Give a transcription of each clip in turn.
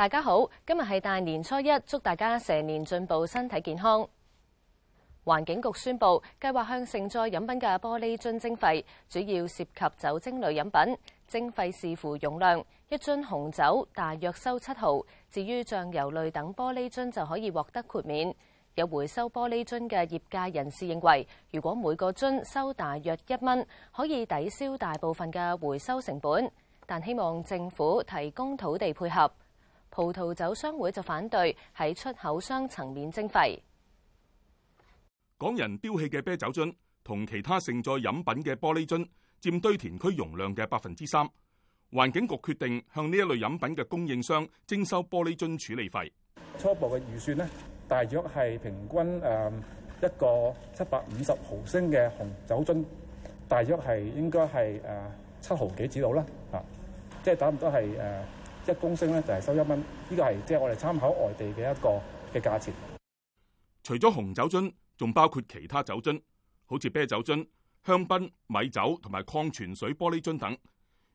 大家好，今日係大年初一，祝大家蛇年進步，身體健康。環境局宣布計劃向盛載飲品嘅玻璃樽徵費，主要涉及酒精類飲品。徵費視乎容量，一樽紅酒大約收七毫。至於醬油類等玻璃樽就可以獲得豁免。有回收玻璃樽嘅業界人士認為，如果每個樽收大約一蚊，可以抵消大部分嘅回收成本，但希望政府提供土地配合。葡萄酒商會就反對喺出口商層面徵費。港人丟棄嘅啤酒樽同其他盛載飲品嘅玻璃樽，佔堆填區容量嘅百分之三。環境局決定向呢一類飲品嘅供應商徵收玻璃樽處理費。初步嘅預算呢，大約係平均誒一個七百五十毫升嘅紅酒樽，大約係應該係誒七毫幾之度啦，啊，即係差唔多係誒。一公升咧就係收一蚊，呢個係即係我哋參考外地嘅一個嘅價錢。除咗紅酒樽，仲包括其他酒樽，好似啤酒樽、香檳、米酒同埋礦泉水玻璃樽等。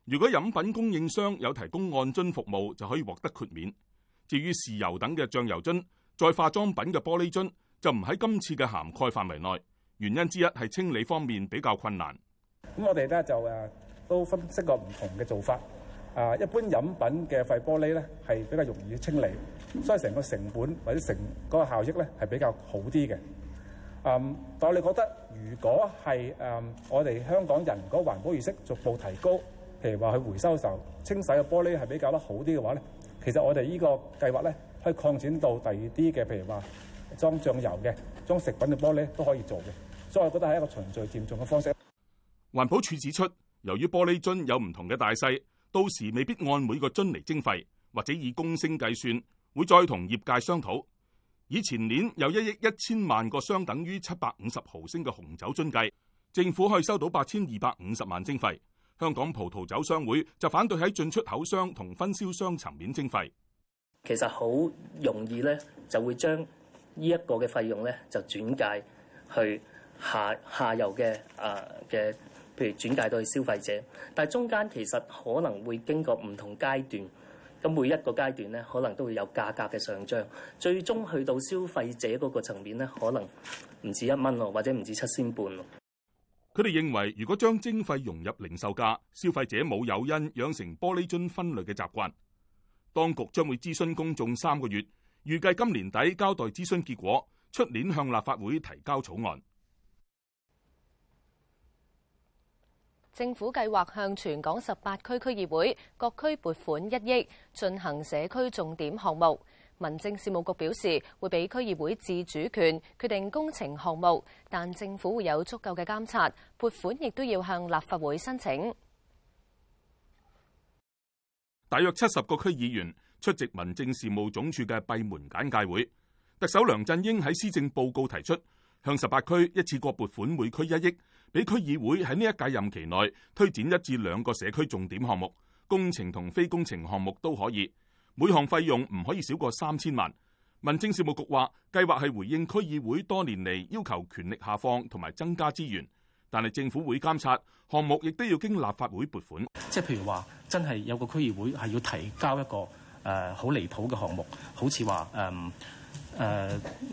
如果飲品供應商有提供按樽服務，就可以獲得豁免。至於豉油等嘅醬油樽、再化妝品嘅玻璃樽，就唔喺今次嘅涵蓋範圍內。原因之一係清理方面比較困難。咁我哋咧就誒、啊、都分析過唔同嘅做法。啊！一般飲品嘅廢玻璃咧，係比較容易清理，所以成個成本或者成個效益咧係比較好啲嘅。啊，但我哋覺得，如果係誒我哋香港人個環保意識逐步提高，譬如話去回收嘅時候清洗嘅玻璃係比較得好啲嘅話咧，其實我哋呢個計劃咧可以擴展到第二啲嘅，譬如話裝醬油嘅、裝食品嘅玻璃都可以做嘅，所以我覺得係一個循序漸進嘅方式。環保署指出，由於玻璃樽有唔同嘅大細。到時未必按每個樽嚟徵費，或者以公升計算，會再同業界商討。以前年有一億一千萬個相等於七百五十毫升嘅紅酒樽計，政府可以收到八千二百五十萬徵費。香港葡萄酒商會就反對喺進出口商同分銷商層面徵費。其實好容易咧，就會將呢一個嘅費用咧就轉介去下下游嘅啊嘅。呃譬如轉介到去消費者，但係中間其實可能會經過唔同階段，咁每一個階段呢，可能都會有價格嘅上漲，最終去到消費者嗰個層面呢，可能唔止一蚊咯，或者唔止七仙半咯。佢哋認為，如果將徵費融入零售價，消費者冇誘因養成玻璃樽分類嘅習慣，當局將會諮詢公眾三個月，預計今年底交代諮詢結果，出年向立法會提交草案。政府計劃向全港十八區區議會各區撥款一億，進行社區重點項目。民政事務局表示，會俾區議會自主權決定工程項目，但政府會有足夠嘅監察。撥款亦都要向立法會申請。大約七十個區議員出席民政事務總署嘅閉門簡介會。特首梁振英喺施政報告提出，向十八區一次過撥款每區一億。俾區議會喺呢一屆任期內推展一至兩個社區重點項目，工程同非工程項目都可以，每項費用唔可以少過三千萬。民政事務局話，計劃係回應區議會多年嚟要求權力下放同埋增加資源，但係政府會監察項目，亦都要經立法會撥款。即係譬如話，真係有個區議會係要提交一個誒好、呃、離譜嘅項目，好似話誒。呃誒、呃、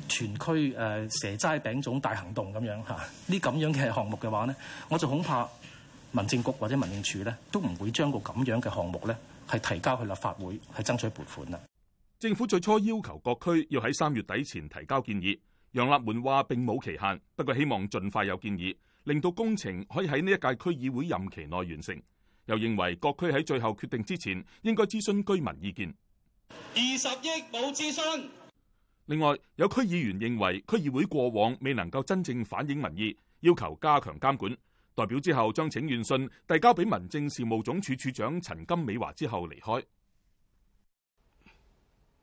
全區誒、呃、蛇齋餅種大行動咁樣嚇，呢咁樣嘅項目嘅話咧，我就恐怕民政局或者民政處咧都唔會將個咁樣嘅項目咧係提交去立法會係爭取撥款啦。政府最初要求各區要喺三月底前提交建議，楊立門話並冇期限，不過希望盡快有建議，令到工程可以喺呢一屆區議會任期內完成。又認為各區喺最後決定之前應該諮詢居民意見。二十億冇諮詢。另外，有區議員認為區議會過往未能夠真正反映民意，要求加強監管。代表之後將請願信遞交俾民政事務總署署長陳金美華之後離開。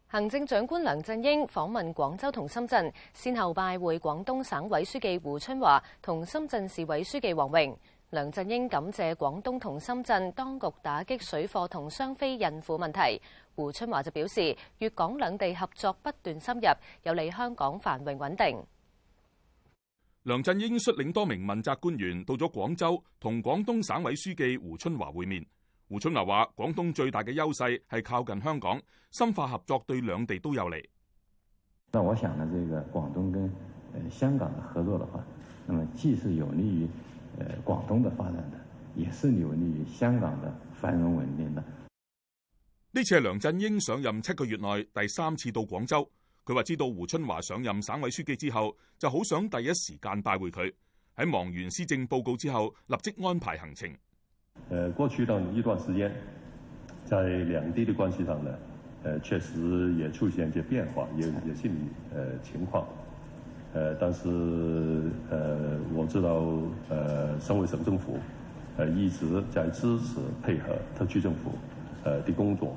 行政長官梁振英訪問廣州同深圳，先後拜會廣東省委書記胡春華同深圳市委書記王榮。梁振英感謝廣東同深圳當局打擊水貨同雙非孕婦問題。胡春華就表示，粵港兩地合作不斷深入，有利香港繁榮穩定。梁振英率領多名問責官員到咗廣州，同廣東省委書記胡春華會面。胡春華話：廣東最大嘅優勢係靠近香港，深化合作對兩地都有利。但我想呢，這個廣東跟，呃、香港的合作的話，那麼既是有利於誒廣東的發展的，也是有利於香港的繁榮穩定的。呢次係梁振英上任七個月內第三次到廣州，佢話知道胡春華上任省委書記之後，就好想第一時間拜會佢。喺忙完施政報告之後，立即安排行程。誒，過去呢一段時間，在兩地的關係上呢，誒，確實也出現一些變化，也也係誒、呃、情況。誒、呃，但是誒、呃，我知道誒，省、呃、委省政府誒、呃、一直在支持配合特區政府。誒，啲工作，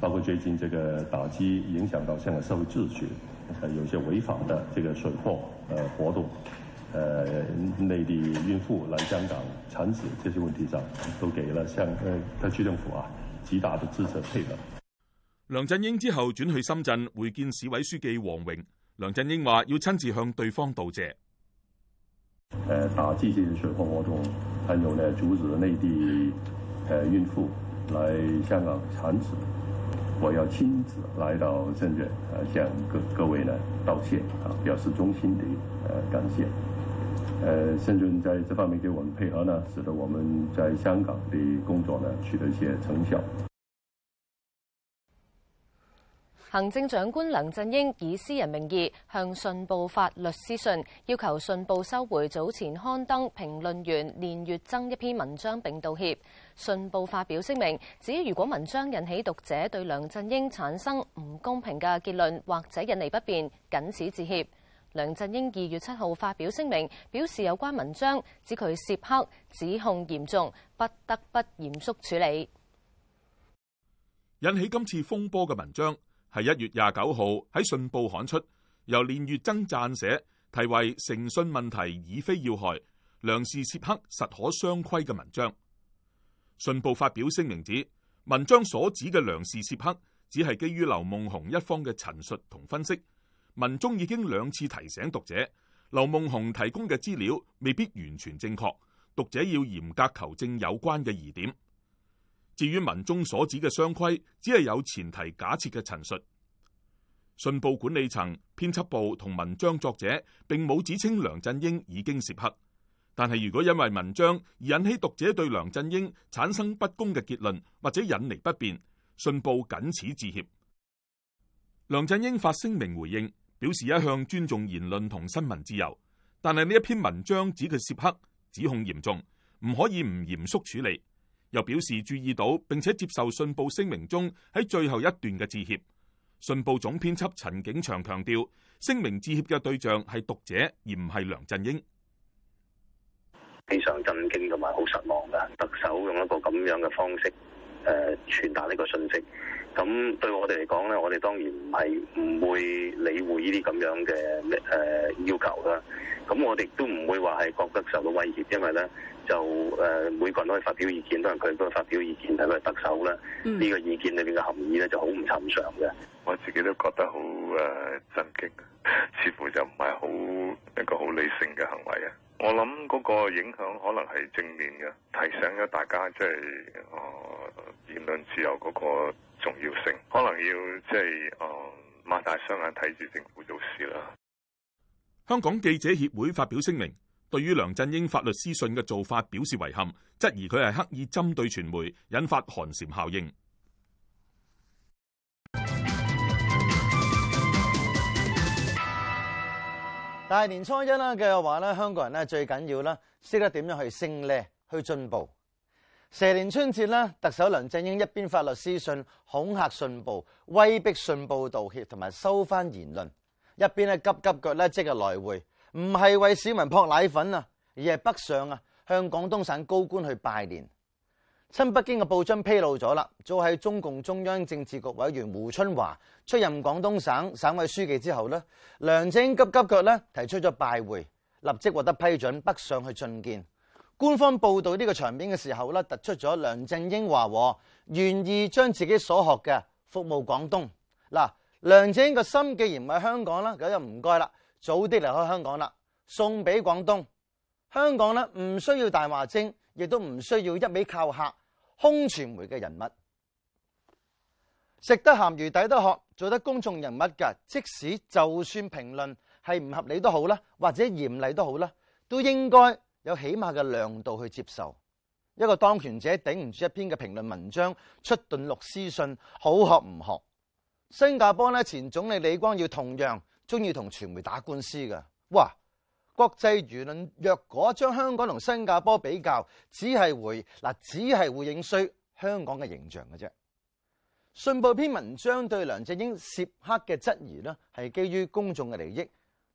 包括最近這個打擊影響到香港社會秩序，誒，有些違法的這個水貨，誒，活動，誒、呃，內地孕婦來香港產子這些問題上，都給了香誒特區政府啊極大的支持配合。梁振英之後轉去深圳會見市委書記王榮，梁振英話要親自向對方道謝。誒，打擊這些水貨活動，還有咧阻止內地誒孕婦，來香港產子，我要親自來到深圳，向各各位呢道歉，啊，表示衷心的感謝。深圳在這方面給我們配合呢，使得我們在香港的工作呢取得一些成效。行政長官梁振英以私人名義向信報發律師信，要求信報收回早前刊登評論員連月增一篇文章，並道歉。信報發表聲明，指如果文章引起讀者對梁振英產生唔公平嘅結論，或者引嚟不便，僅此致歉。梁振英二月七號發表聲明，表示有關文章指佢涉黑，指控嚴重，不得不嚴肅處理。引起今次風波嘅文章係一月廿九號喺信報刊出，由練乙錚撰寫，題為《誠信問題已非要害，梁氏涉黑實可雙規》嘅文章。信報發表聲明指，文章所指嘅梁氏涉黑，只係基於劉夢熊一方嘅陳述同分析。文中已經兩次提醒讀者，劉夢熊提供嘅資料未必完全正確，讀者要嚴格求證有關嘅疑點。至於文中所指嘅雙規，只係有前提假設嘅陳述。信報管理層、編輯部同文章作者，並冇指稱梁振英已經涉黑。但係，如果因為文章而引起讀者對梁振英產生不公嘅結論或者引嚟不便，信報僅此致歉。梁振英發聲明回應，表示一向尊重言論同新聞自由，但係呢一篇文章指佢涉黑，指控嚴重，唔可以唔嚴肅處理。又表示注意到並且接受信報聲明中喺最後一段嘅致歉。信報總編輯陳景祥強調，聲明致歉嘅對象係讀者而唔係梁振英。非常震驚同埋好失望噶，特首用一個咁樣嘅方式誒傳達呢個信息，咁對我哋嚟講咧，我哋當然唔係唔會理會呢啲咁樣嘅誒、呃、要求啦。咁我哋都唔會話係覺得受到威脅，因為咧就誒、呃、每個人都可以發表意見，當然佢都發表意見手，但係佢係特首啦，呢、這個意見裏邊嘅含義咧就好唔尋常嘅。我自己都覺得好誒震驚，似乎就唔係好一個好理性嘅行為啊。我諗嗰個影響可能係正面嘅，提醒咗大家即係，哦，言論自由嗰個重要性，可能要即係，擘大雙眼睇住政府做事啦。香港記者協會發表聲明，對於梁振英發律師信嘅做法表示遺憾，質疑佢係刻意針對傳媒，引發寒蟬效應。大年初一啦，佢又話咧，香港人咧最緊要啦，識得點樣去勝叻，去進步。蛇年春節咧，特首梁振英一邊發律師信恐嚇信報，威逼信報道歉，同埋收翻言論；一邊咧急急腳咧即日來回，唔係為市民撲奶粉啊，而係北上啊，向廣東省高官去拜年。親北京嘅報章披露咗啦，早喺中共中央政治局委員胡春華出任廣東省省委書記之後咧，梁振英急急腳咧提出咗拜會，立即獲得批准北上去進見。官方報道呢個場面嘅時候咧，突出咗梁振英話：我願意將自己所學嘅服務廣東。嗱，梁振英個心既然唔喺香港啦，咁就唔該啦，早啲離開香港啦，送俾廣東。香港呢唔需要大話精，亦都唔需要一味靠客。空傳媒嘅人物，食得鹹魚抵得渴，做得公眾人物噶，即使就算評論係唔合理都好啦，或者嚴厲都好啦，都應該有起碼嘅量度去接受。一個當權者頂唔住一篇嘅評論文章，出動律師信，好學唔學？新加坡前總理李光耀同樣中意同傳媒打官司噶，哇！國際輿論若果將香港同新加坡比較，只係會嗱，只係會影衰香港嘅形象嘅啫。信報篇文章對梁振英涉黑嘅質疑呢係基於公眾嘅利益，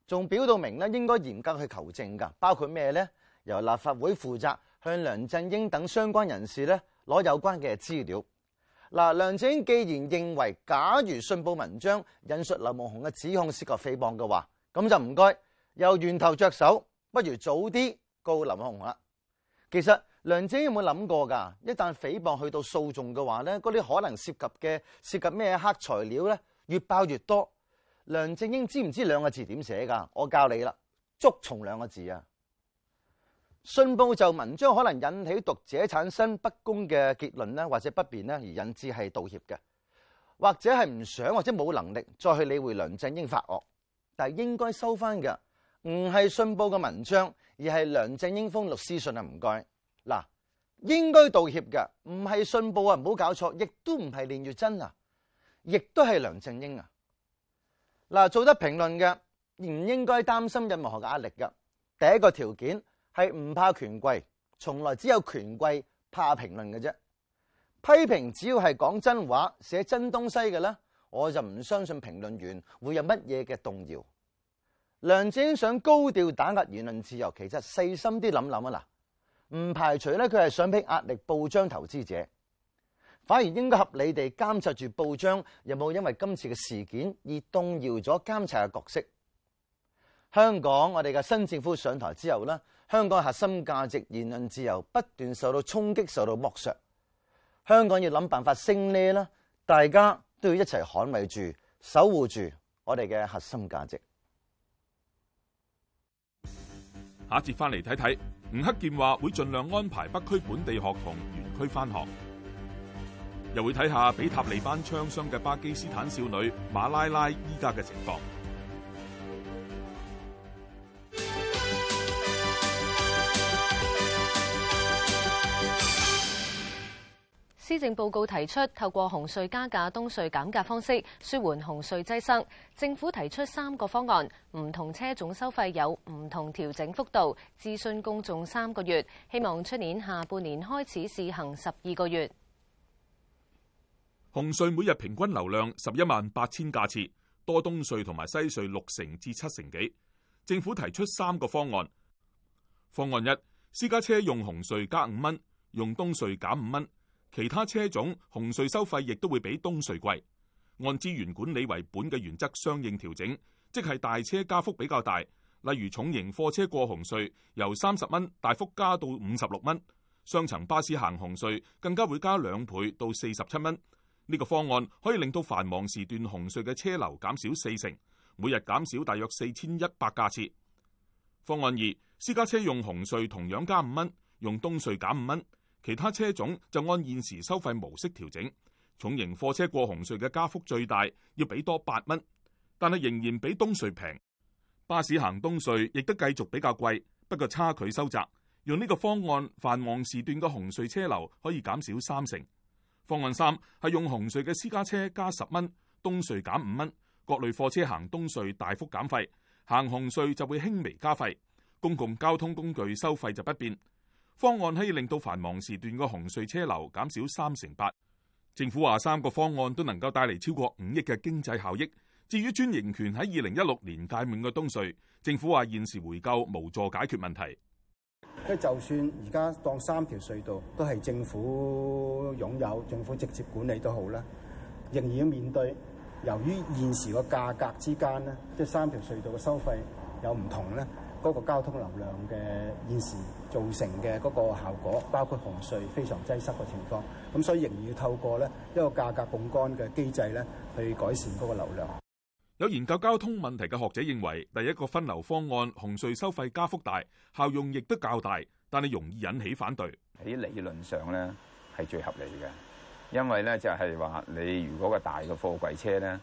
仲表到明呢應該嚴格去求證噶，包括咩呢？由立法會負責向梁振英等相關人士呢攞有關嘅資料。嗱，梁振英既然認為，假如信報文章引述劉夢熊嘅指控涉及誹謗嘅話，咁就唔該。由源頭着手，不如早啲告林漢雄啦。其實梁振英有冇諗過噶？一旦誹謗去到訴訟嘅話咧，嗰啲可能涉及嘅涉及咩黑材料咧，越爆越多。梁振英知唔知兩個字點寫噶？我教你啦，捉蟲兩個字啊。信報就文章可能引起讀者產生不公嘅結論咧，或者不便咧而引致係道歉嘅，或者係唔想或者冇能力再去理會梁振英發惡，但係應該收翻噶。唔係信報嘅文章，而係梁振英封律師信啊！唔該嗱，應該道歉嘅，唔係信報啊，唔好搞錯，亦都唔係練乙錚啊，亦都係梁振英啊嗱，做得評論嘅唔應該擔心任何嘅壓力噶。第一個條件係唔怕權貴，從來只有權貴怕評論嘅啫。批評只要係講真話、寫真東西嘅咧，我就唔相信評論員會有乜嘢嘅動搖。梁振英想高調打壓言論自由，其實細心啲諗諗啊，嗱，唔排除咧，佢係想俾壓力報章投資者，反而應該合理地監察住報章有冇因為今次嘅事件而動搖咗監察嘅角色。香港我哋嘅新政府上台之後咧，香港核心價值言論自由不斷受到衝擊，受到剝削。香港要諗辦法升呢啦，大家都要一齊捍衛住、守護住我哋嘅核心價值。下一節翻嚟睇睇，吳克儉話會盡量安排北區本地學童，原區翻學，又會睇下畀塔利班槍傷嘅巴基斯坦少女馬拉拉依家嘅情況。施政報告提出透過紅隧加價、東隧減價方式舒緩紅隧擠塞。政府提出三個方案，唔同車種收費有唔同調整幅度，諮詢公眾三個月，希望出年下半年開始試行十二個月。紅隧每日平均流量十一萬八千架次，多東隧同埋西隧六成至七成幾。政府提出三個方案。方案一，私家車用紅隧加五蚊，用東隧減五蚊。其他車種紅隧收費亦都會比東隧貴，按資源管理為本嘅原則相應調整，即係大車加幅比較大，例如重型貨車過紅隧由三十蚊大幅加到五十六蚊，雙層巴士行紅隧更加會加兩倍到四十七蚊。呢個方案可以令到繁忙時段紅隧嘅車流減少四成，每日減少大約四千一百架次。方案二，私家車用紅隧同樣加五蚊，用東隧減五蚊。其他車種就按現時收費模式調整，重型貨車過紅隧嘅加幅最大，要俾多八蚊，但係仍然比東隧平。巴士行東隧亦都繼續比較貴，不過差距收窄。用呢個方案，繁忙時段嘅紅隧車流可以減少三成。方案三係用紅隧嘅私家車加十蚊，東隧減五蚊，各類貨車行東隧大幅減費，行紅隧就會輕微加費。公共交通工具收費就不變。方案可以令到繁忙時段嘅紅隧車流減少三成八。政府話三個方案都能夠帶嚟超過五億嘅經濟效益。至於專營權喺二零一六年屆滿嘅東隧，政府話現時回購無助解決問題，就算而家當三條隧道都係政府擁有，政府直接管理都好啦，仍然要面對由於現時個價格之間咧，即三條隧道嘅收費有唔同咧。嗰、那個交通流量嘅現時造成嘅嗰個效果，包括紅隧非常擠塞嘅情況，咁所以仍然要透過呢一個價格槓桿嘅機制呢去改善嗰個流量。有研究交通問題嘅學者認為，第一個分流方案紅隧收費加幅大，效用亦都較大，但係容易引起反對。喺理論上呢係最合理嘅，因為呢就係話你如果個大嘅貨櫃車呢，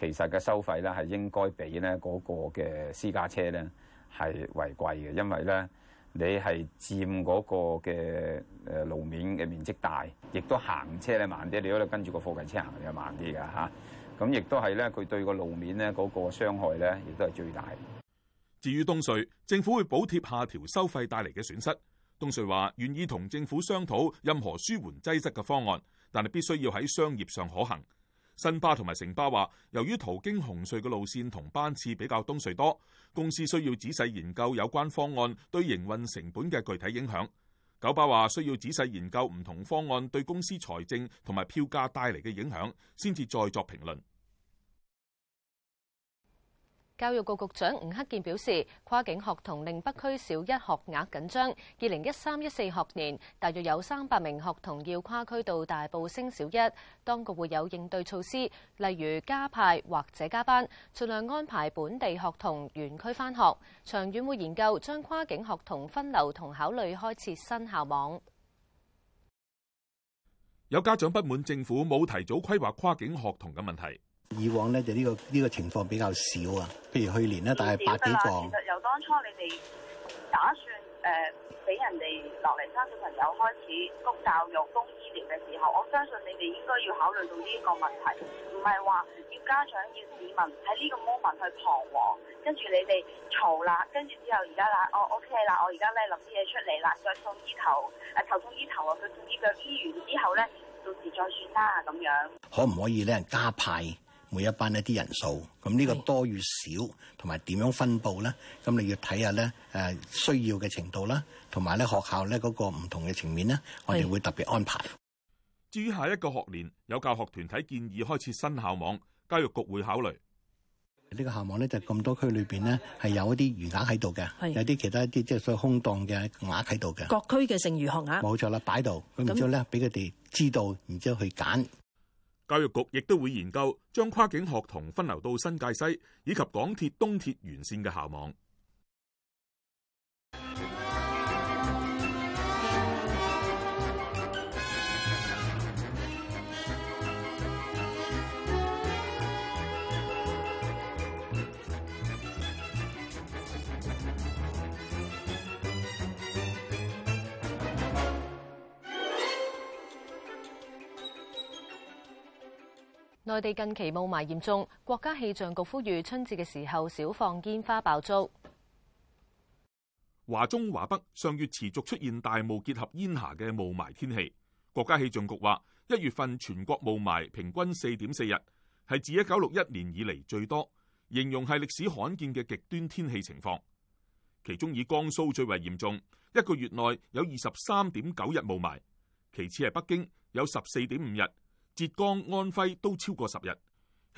其實嘅收費呢係應該比呢嗰個嘅私家車呢，係為貴嘅，因為咧你係佔嗰個嘅誒路面嘅面積大，亦都行車咧慢啲，你可能跟住個附近車行又慢啲㗎嚇。咁亦都係咧，佢對個路面咧嗰個傷害咧，亦都係最大。至於東隧，政府會補貼下調收費帶嚟嘅損失。東隧話願意同政府商討任何舒緩擠塞嘅方案，但係必須要喺商業上可行。新巴同埋城巴話，由於途經紅隧嘅路線同班次比較東隧多，公司需要仔細研究有關方案對營運成本嘅具體影響。九巴話需要仔細研究唔同方案對公司財政同埋票價帶嚟嘅影響，先至再作評論。教育局局長吳克儉表示，跨境學童令北區小一學額緊張，二零一三一四學年大約有三百名學童要跨區到大埔升小一，當局會有應對措施，例如加派或者加班，盡量安排本地學童原區翻學，長遠會研究將跨境學童分流，同考慮開設新校網。有家長不滿政府冇提早規劃跨境學童嘅問題。以往咧就呢、這個呢、這個情況比較少啊，譬如去年咧，但係百幾個。其實由當初你哋打算誒俾、呃、人哋落嚟生小朋友，開始供教育、供醫療嘅時候，我相信你哋應該要考慮到呢一個問題，唔係話要家長要市民喺呢個 moment 去彷徨，跟住你哋嘈啦，跟住之後而家啦，哦 OK 啦，我而家咧諗啲嘢出嚟啦，再送醫頭誒頭痛醫頭啊，佢自己嘅醫完之後咧，到時再算啦咁樣。可唔可以咧加派？每一班一啲人數，咁呢個多與少，同埋點樣分佈咧？咁你要睇下咧，誒需要嘅程度啦，同埋咧學校咧嗰個唔同嘅情面咧，我哋會特別安排。至於下一個學年有教學團體建議開始新校網，教育局會考慮呢個校網咧，就咁多區裏邊咧係有一啲餘額喺度嘅，有啲其他一啲即係所謂空檔嘅額喺度嘅。各區嘅剩餘學額冇錯啦，擺度。咁然之後咧，俾佢哋知道，然之後去揀。教育局亦都會研究將跨境學童分流到新界西以及港鐵東鐵沿線嘅校網。內地近期霧霾嚴重，國家氣象局呼籲春節嘅時候少放煙花爆竹。華中、華北上月持續出現大霧結合煙霞嘅霧霾天氣。國家氣象局話，一月份全國霧霾平均四點四日，係自一九六一年以嚟最多，形容係歷史罕見嘅極端天氣情況。其中以江蘇最為嚴重，一個月內有二十三點九日霧霾，其次係北京有十四點五日。浙江、安徽都超過十日。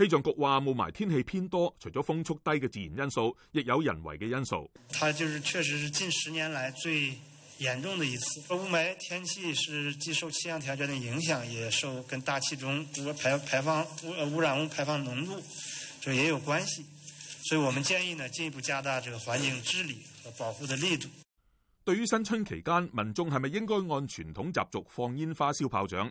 氣象局話霧霾天氣偏多，除咗風速低嘅自然因素，亦有人為嘅因素。它就是確實是近十年來最嚴重的一次。個霧霾天氣是既受氣象條件嘅影響，也受跟大氣中排排放污污染物排放濃度就也有關係。所以我們建議呢，進一步加大這個環境治理和保護的力度。對於新春期間，民眾係咪應該按傳統習俗放煙花、燒炮仗？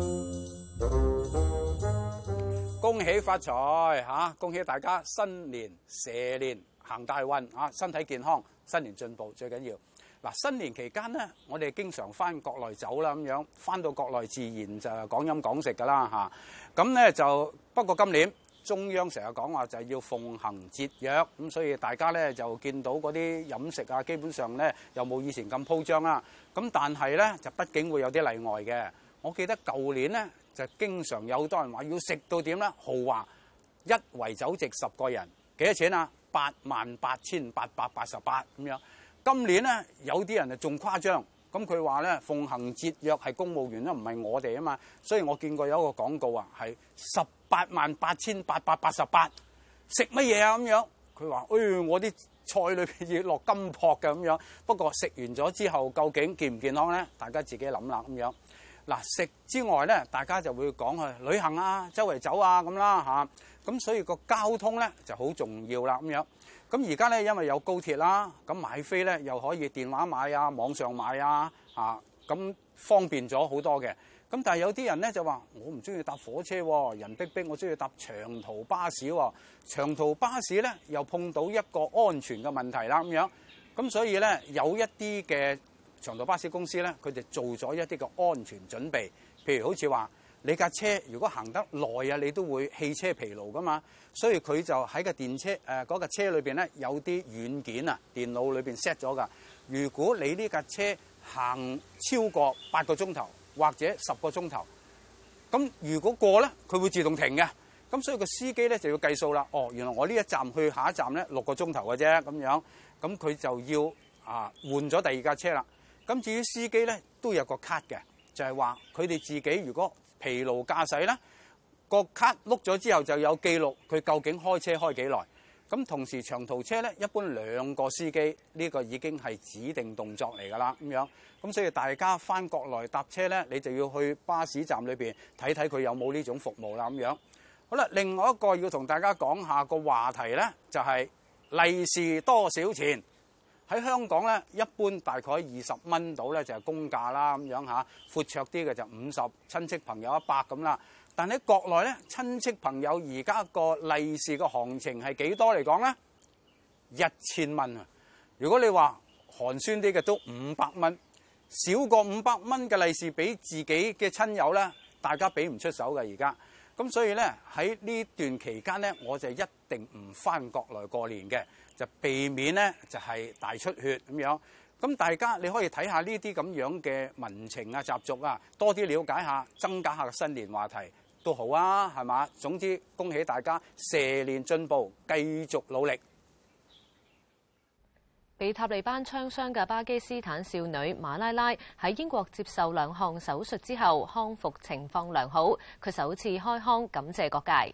恭喜發財吓！恭喜大家新年蛇年行大運吓，身體健康，新年進步最緊要。嗱，新年期間咧，我哋經常翻國內走啦，咁樣翻到國內自然就講飲講食㗎啦吓。咁咧就不過今年中央成日講話就係要奉行節約，咁所以大家咧就見到嗰啲飲食啊，基本上咧又冇以前咁鋪張啦。咁但係咧就畢竟會有啲例外嘅。我記得舊年咧。就經常有好多人話要食到點呢？豪華一圍酒席十個人幾多錢啊？八萬八千八百八十八咁樣。今年呢，有啲人啊仲誇張，咁佢話呢奉行節約係公務員啦，唔係我哋啊嘛。所以我見過有一個廣告啊，係十八萬八千八百八十八食乜嘢啊咁樣。佢話，誒、哎、我啲菜裏面要落金箔嘅咁樣。不過食完咗之後究竟健唔健康呢？大家自己諗啦咁樣。嗱，食之外咧，大家就會講去旅行啊，周圍走啊咁啦嚇，咁所以個交通咧就好重要啦咁樣。咁而家咧，因為有高鐵啦，咁買飛咧又可以電話買啊，網上買啊，啊咁方便咗好多嘅。咁但係有啲人咧就話我唔中意搭火車，人逼逼，我中意搭長途巴士喎。長途巴士咧又碰到一個安全嘅問題啦咁樣。咁所以咧有一啲嘅。長途巴士公司咧，佢就做咗一啲嘅安全準備，譬如好似話，你架車如果行得耐啊，你都會汽車疲勞噶嘛，所以佢就喺個電車誒嗰架車裏面咧有啲軟件啊，電腦裏面 set 咗噶。如果你呢架車行超過八個鐘頭或者十個鐘頭，咁如果過咧，佢會自動停嘅。咁所以個司機咧就要計數啦。哦，原來我呢一站去下一站咧六個鐘頭嘅啫，咁樣，咁佢就要啊換咗第二架車啦。咁至於司機呢，都有個卡嘅，就係話佢哋自己如果疲勞駕駛啦，個卡碌咗之後就有記錄佢究竟開車開幾耐。咁同時長途車呢，一般兩個司機呢個已經係指定動作嚟㗎啦。咁樣咁所以大家返國內搭車呢，你就要去巴士站裏邊睇睇佢有冇呢種服務啦。咁樣好啦，另外一個要同大家講下個話題呢，就係利是多少錢。喺香港咧，一般大概二十蚊到咧就係公價啦，咁樣嚇，闊綽啲嘅就五十，親戚朋友一百咁啦。但喺國內咧，親戚朋友而家個利是嘅行情係幾多嚟講咧？一千蚊啊！如果你話寒酸啲嘅都五百蚊，少過五百蚊嘅利是俾自己嘅親友咧，大家俾唔出手嘅而家。咁所以咧喺呢段期間咧，我就一定唔翻國內過年嘅。就避免呢，就係、是、大出血咁樣。咁大家你可以睇下呢啲咁樣嘅民情啊、習俗啊，多啲了解下，增加下新年話題都好啊，係嘛？總之，恭喜大家蛇年進步，繼續努力。被塔利班槍傷嘅巴基斯坦少女馬拉拉喺英國接受兩項手術之後，康復情況良好。佢首次開腔感謝各界。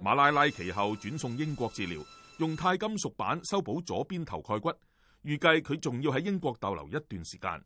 馬拉拉其後轉送英國治療，用鈦金屬板修補左邊頭蓋骨，預計佢仲要喺英國逗留一段時間。